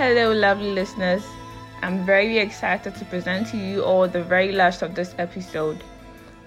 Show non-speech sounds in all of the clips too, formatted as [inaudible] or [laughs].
Hello, lovely listeners. I'm very excited to present to you all the very last of this episode.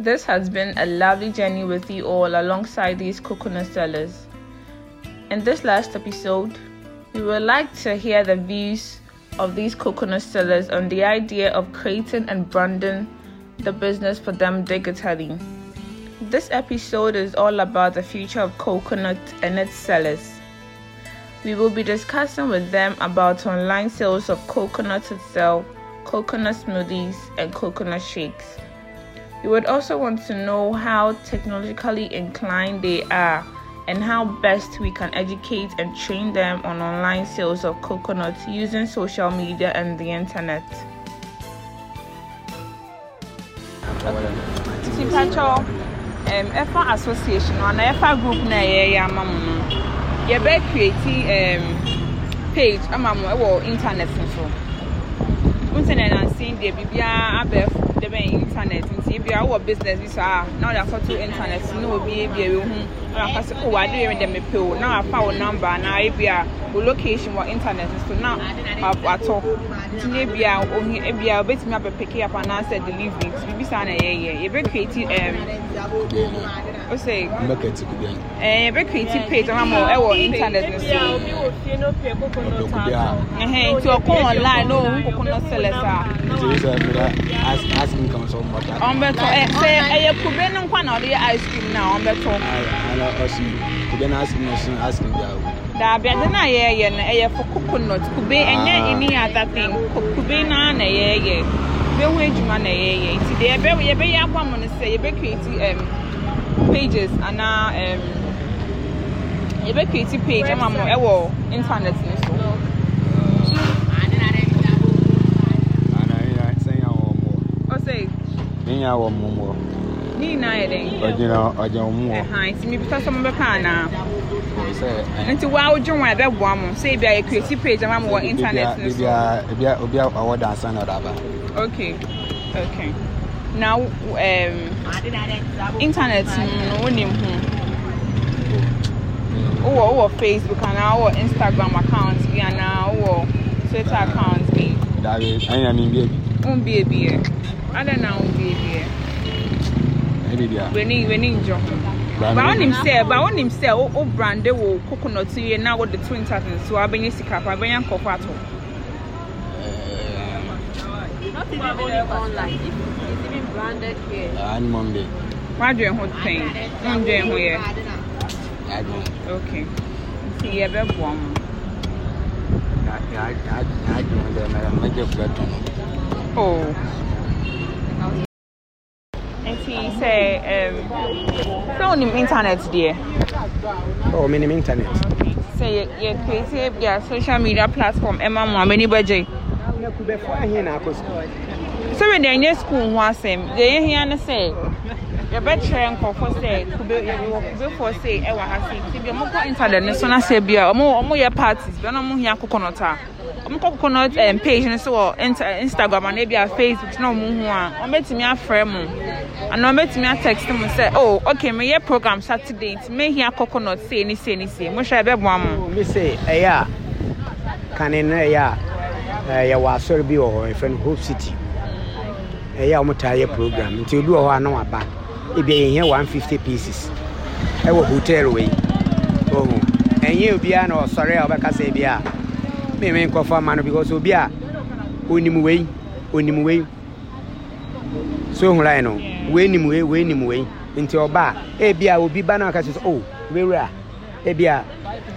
This has been a lovely journey with you all alongside these coconut sellers. In this last episode, we would like to hear the views of these coconut sellers on the idea of creating and branding the business for them digitally. This episode is all about the future of coconut and its sellers. We will be discussing with them about online sales of coconuts itself, coconut smoothies, and coconut shakes. You would also want to know how technologically inclined they are and how best we can educate and train them on online sales of coconuts using social media and the internet. Okay. Tipacho, um, FA Association, and FA Group, na yeah, yeah, yɛbɛ create um, page ama mo wɔ internet nso wọn sɛ na nansi deɛ biribiara abɛɛfo dɛbɛn internet nti ebi awɔ business bi so a na ɔde akɔto internet na obi ebi ebi hu na ɔde akɔso o wade yɛ dɛm epe na wafa o number na ebi a o location wɔ internet so na watɔ nti na ebi a ohi ebi a obetumi abɛpeke apa na asɛ delivery nti bibi saa na yɛyɛ yɛbɛ create ɛm o sɛ ɛɛ yɛbɛ create page ɔmo ama ɛwɔ internet no oh, so ɛhɛn nti ɔkɔ online na kokonɔ sellers a. Oh, to yourself for that. Ask, ask him come some water. On beto, eh, say, eh, you could be no one or the ice cream now, on beto. I know, also, could be ask him, also, ask him that. Dabi, I don't know, yeah, yeah, yeah, for coconut. Could be any other thing. Could na none, yeah, yeah. Be way, Juma, yeah, yeah. It's the baby, yeah, baby, I want to say, you be creating, um, pages, and, uh, um, you be creating page, I'm on, eh, well, internet, nyinaa wɔ mom wɔ ne nyinaa yɛ dɛn ɔgyina ɔgya wo mu wɔ nti mepita sɛ mobɛpɛ anaa nti woa wogye ho a ɛbɛboa mo sɛ ebia yɛkuasi page ama mo wɔ internet no so obi a ɔwɔ dansa na ɔde aba okay okay na um, internet no wonim hmm. ho wowɔ wowɔ facebook anaa wowɔ instagram account bi anaa wowɔ twitter account bi dabi ɛnyɛ mi bie bi mbie bi yɛ ada na wo bi bi e bi bi a weni weni njo ba onim se ba onim se o brande wo coconut ye na wo the twin tartan so abenye sika pa abenye nkofo ato Not even online. It's even branded here. On Monday. Why do you want thing? Why do you want here? I don't. Okay. See, you're a bomb. I don't know. I'm not just Oh nti sɛ sɛ wonim internet deɛ oh, menim internet sɛ yɛ create bia social media platform ɛma mo a m'ani bɛgye sɛ wedeɛ nyɛ school ho asɛm deɛ yɛhia ne sɛ yɛbɛkyerɛ nkɔfo sɛ kube yɛwɔ kubefoɔ sɛ ɛwɔ ha sɛ nti bi ɔmo kɔ internet ne so na sɛ bia ɔmo ɔmo yɛ parties bɛn ɔmo hia coconut a ɔmo kɔ eh, page ne so wɔ instagram ana ebi a facebook na ɔmo ho a ɔmo betumi afrɛ mo ana mo sɛ oh okay mi yɛ program saturday nti mi hia coconut sei ne sei ne sei mo hwɛ ɛbɛ boa mo. Oh, mi sɛ a kane a eh, yɛwɔ asɔre bi wɔ hɔ city ɛyɛ a ɔmo taa yɛ program nti obi wɔ hɔ a na waba ebi ɛyɛ one fifty pieces ɛwɔ hotel wei ohu ɛnyɛ obiara na ɔsɔre a ɔbɛkasa ebi a mmemme nkɔfo ama no because obi a onim wei onim wei so ohun line no wei nim wei wei nim wei nti ɔba a ebi a obi ba na ɔkasa sɛ oh wewura ebi a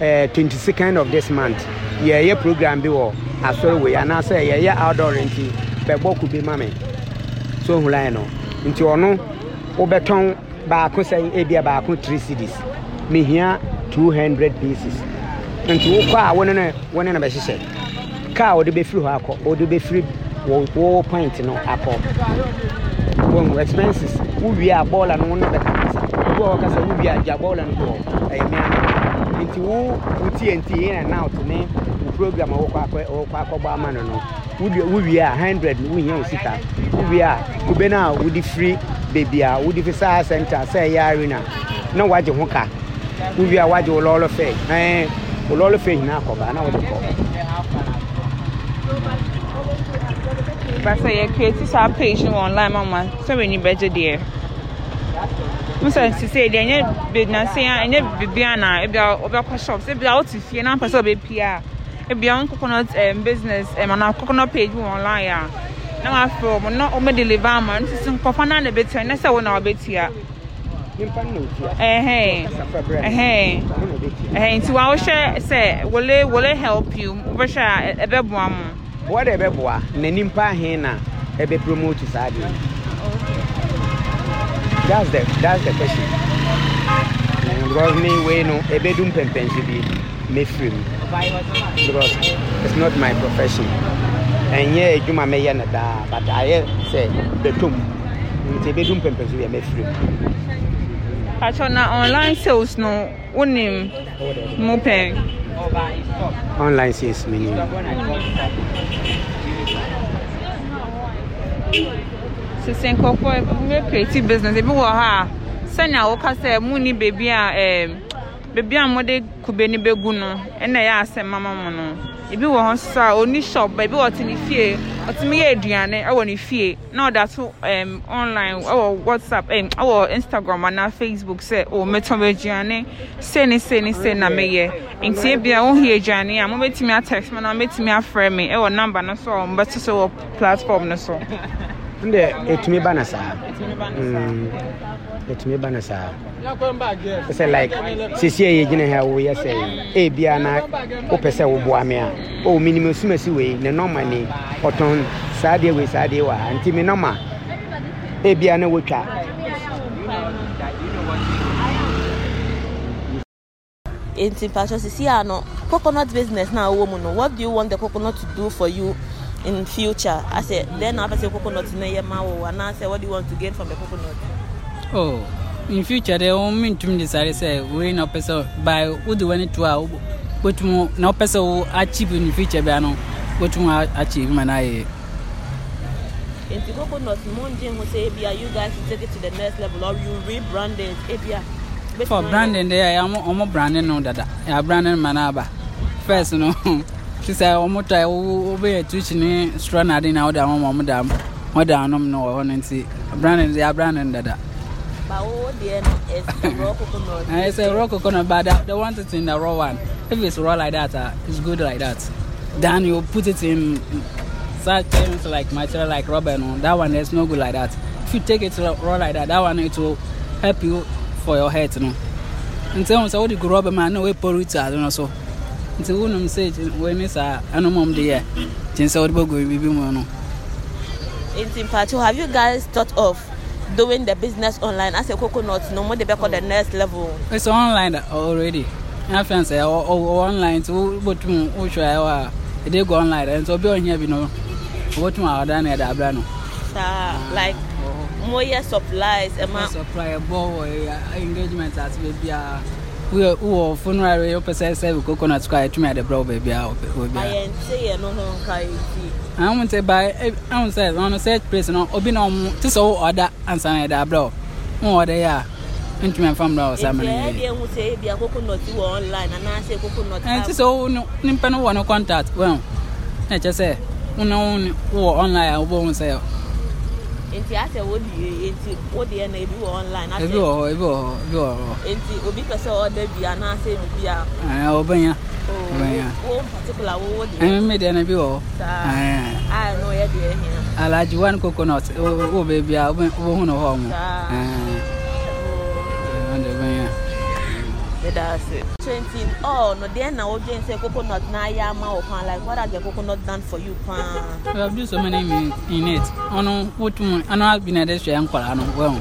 ɛɛ eh, twenty second of this month yɛyɛ program bi wɔ asɔre wei anaasɛ yɛyɛ outdoor nti bɛbɔ kube ma mi so ohun line no nti ɔno wobɛtɔn baako sɛn ebia baako three cds mehia two hundred pieces nti wokɔ a wone no wone no bɛhyehyɛ kaa wɔde bɛfiri hɔ akɔ wɔde bɛfiri wɔ point no akɔ wɔn expenses wowie a bɔɔla no wɔn no bɛka kasa wobi a wɔkasa wowie a gya bɔɔla no kɔ ɛyɛ mmea nti wo wotie nti in and out ne wo program a wɔkɔ akɔ wɔkɔ akɔbɔ ama no no wowie a hundred no wohia wo sika wowie a kube no a wode firi beebi a wodi fi saa center sɛ ɛyɛ arena na wagye ho ka wowie a wagye wo lɔɔre fɛ ɛn wo lɔɔre fɛ nyinaa kɔba na wode kɔ basɛ yɛ create saa page no online mama sɛ w'ani bɛgye deɛ musa sise deɛ ɛnyɛ bednase a ɛnyɛ bibia na ebi a ɔbɛkɔ shops ebi a ɔte fie na mpɛ sɛ ɔbɛpia ebi a nkokɔnɔt ɛm business ɛm ana coconut page wɔ online a na wafrɛ wɔn na wɔn de liva ama no sisi nkɔfa na na ebetia na sɛ wɔn na wɔbɛtia. nipa na otia. ɛhɛn ɛhɛn ɛhɛn nti wɔawohyɛ sɛ wɔle wɔle help you wɔbɛhwɛ a ɛbɛboa e, e mo. wɔn de ɛbɛboa e na nipa ahen na ɛbɛ promote saa de. that's the that's the question. me, wei no ɛbɛdu mpɛmpɛnso bi mɛfiri mu because it's not my profession ɛnyɛ adwuma mɛyɛ no daa but ayɛ sɛ bɛtɔm nti ɛbɛdu mpɛmpɛ so yɛ mɛfiri mu patro na online sales no wonim mu pɛn online sales menim sese nkɔkɔ creative business ebi wɔ hɔ a sɛnea woka sɛ mu ni baabi a beebi a wɔde kube no bɛgu no ɛna ɛyɛ asɛm mama mu no ebi wɔ hɔ nso a oni shop ebi wɔ te ne fie ɔtumi yɛ aduane ɛwɔ ne fie na ɔda to ɛm online ɛwɔ whatsapp um, wɔ instagram anaa facebook sɛ o oh, mɛtɔn aduane sei ne se ne se na meyɛ nti ebi a wohia aduane a mobɛtumi atext me na mobɛtumi afrɛ me wɔ number no so a wɔn bɛto so wɔ platform no so. ndɛ ɛtumi ba saa ɛtumi ba saa mm. sɛ like sesie yɛ gyina ha woyɛ sɛ ebia na wopɛ sɛ woboa me a o menim asumasi wei ne nɔma ne ɔtɔn saa deɛ wei saa deɛ wɔ ha nti me nɔma ebia na wotwa nti mpatwɔ sesie a no coconut business na a mu no what do you want the coconut to do for you in future I said, then after say coconut no yɛ And I said, what do you want to gain from the coconut oh in future deɛ wɔn mentumi desare sɛ wei in ɔpɛ sɛ by wode w'ani to a wobɛtumi na wopɛ person wo achieve in future know, no wobɛtumi achieve ma no in nti coconut mongye ho say, ebia you guys take it to the next level or you rebrand it ebia for branding I'm ɔmo branding no dada I'm branding manaba. first no [laughs] ti sɛ wɔn tɔ wɔbɛyɛ twitch ne soro na ade na wɔde ahom wɔn da wɔde anom no wɔ hɔ no nti abran no de abran no dada. ba wo deɛ no eh, raw coconut. it's [laughs] a eh, eh, raw coconut but they, want it in the raw one if it's raw like that uh, it's good like that then you put it in such things like material like rubber no that one is no good like that if you take it raw like that that one it will help you for your head. no nti wọn sɛ wɔde gu rubber man na wɔn I don't know so nti wonum sɛ wɔne saa anomam de yɛ kyɛn sɛ wode bɛgu biribi mu no nti mpacho have you guys thought of doing the business online as a coconut no more they call the mm. next level it's online already na fɛn sɛ ɔwɔ online nti wobɛtum wohwɛ ɛwɔ a ɛde gu online nti obi ɔhia bi no wobɛtum a ɔda na ɛde abra no saa like mm. moyɛ supplies ɛma supply ɛbɔ wɔ engagement ase baabiara wowɔ eh, fo eh, no ara yɛwopɛ sɛ sɛ coconut kɔ a yɛtumi ade brɛ wo baabiaa wopɛahu nti baahu sɛ ɔno sɛ place no obi na ɔmo te sɛ wo ɔda ansa na yɛde abrɛ wo wo ɔda yɛ a ntumi amfa mmerɛ wɔ sa mɛnti sɛ wo nipa no wɔ no contact wɛhu na ɛkyɛ sɛ wona wowɔ online a wobɛhu sɛ nti asɛ wodi nti wodi ɛna ebi wɔ online asɛ ebi wɔ hɔ ebi wɔ hɔ ebi wɔ hɔ nti obi pɛ ɔda bi anaasɛ ebi bi a ɛɛ ɔbɛnya ɔbɛnya wo particular wo wodi ɛmi mi deɛ na ebi wɔ hɔ saa ɛɛ a ɛna ɔyɛ deɛ ɛhia alaji one coconut wo wo beebi a wo bɛ hu no hɔ mo saa ɛɛ. Eh. ɛdaase twenty oh no deɛ na wɔdwe n say coconut n'ayɛ ama wɔ paa like what are the coconut done for you paa. We have been so many minutes in it ɔno wotum ɔno abi na ɛde hwɛ nkwaraa no wɛn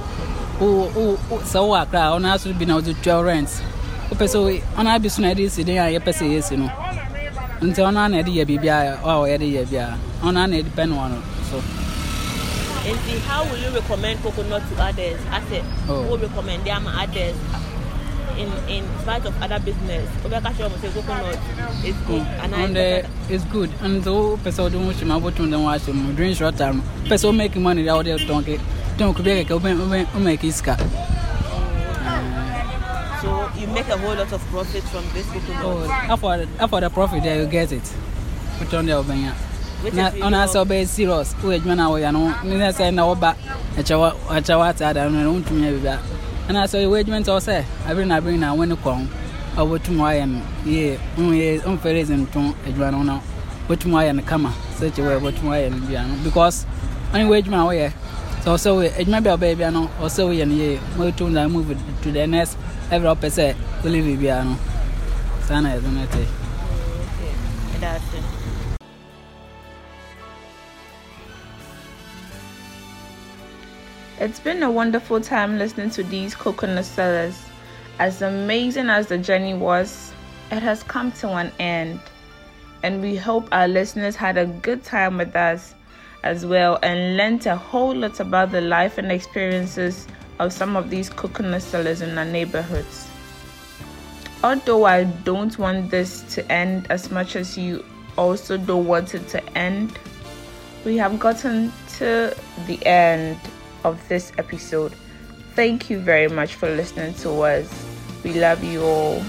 o o o sɛ wɔ akra ɔno aso bi na ɔde twɛ rent wopɛ sɛ ɔno abi so na ɛde si den a yɛpɛ sɛ yɛsi no nti ɔno ana ɛde yɛ biribiara a ɔyɛ de yɛ biara ɔno ana ɛde pɛ no ɔno so. nti how will you recommend coconut to others asɛ oh. wo recommend ama others. in in spite of other business wobɛka sɛ ɔmo sɛ coconut is good and uh, it's good and so wopɛ sɛ wode wohyɛ ma wobɛtom dɛ woahyɛ mu during short time wopɛ sɛ womake money dɛ wode wotɔn ke tɔn open, kɛkɛ womake sika So you make a whole lot of profit from this coconut. Oh, after, after the profit, there you get it. Put on the oven, ɔnaasɛ wobɛyɛ serious woyɛ adwuma no a wɔyɛ no ne sɛ na woba ɛkyɛ woataa da no ɛno wontumi abibia ɛna sɛ ɔyɛ wage mint ɔsɛ abiri na abiri na wɔn ne kɔn a wɔtum ayɛ no yie nyɛ nfa reason nton adwuma no na wɔtum ayɛ no kama sɛ kyɛ wɔyɛ wɔtum ayɛ no bia no because ɔne wage mint a wɔyɛ sɛ ɔsɛ wɔyɛ adwuma bi a wɔbɛyɛ bia no ɔsɛ wɔyɛ no yie mo to na move to the next every ɔpɛ sɛ ɔlivi bia no saa na yɛ do na ɛte. ɛdaase. It's been a wonderful time listening to these coconut sellers. As amazing as the journey was, it has come to an end. And we hope our listeners had a good time with us as well and learnt a whole lot about the life and experiences of some of these coconut sellers in our neighborhoods. Although I don't want this to end as much as you also don't want it to end, we have gotten to the end of this episode. Thank you very much for listening to us. We love you all.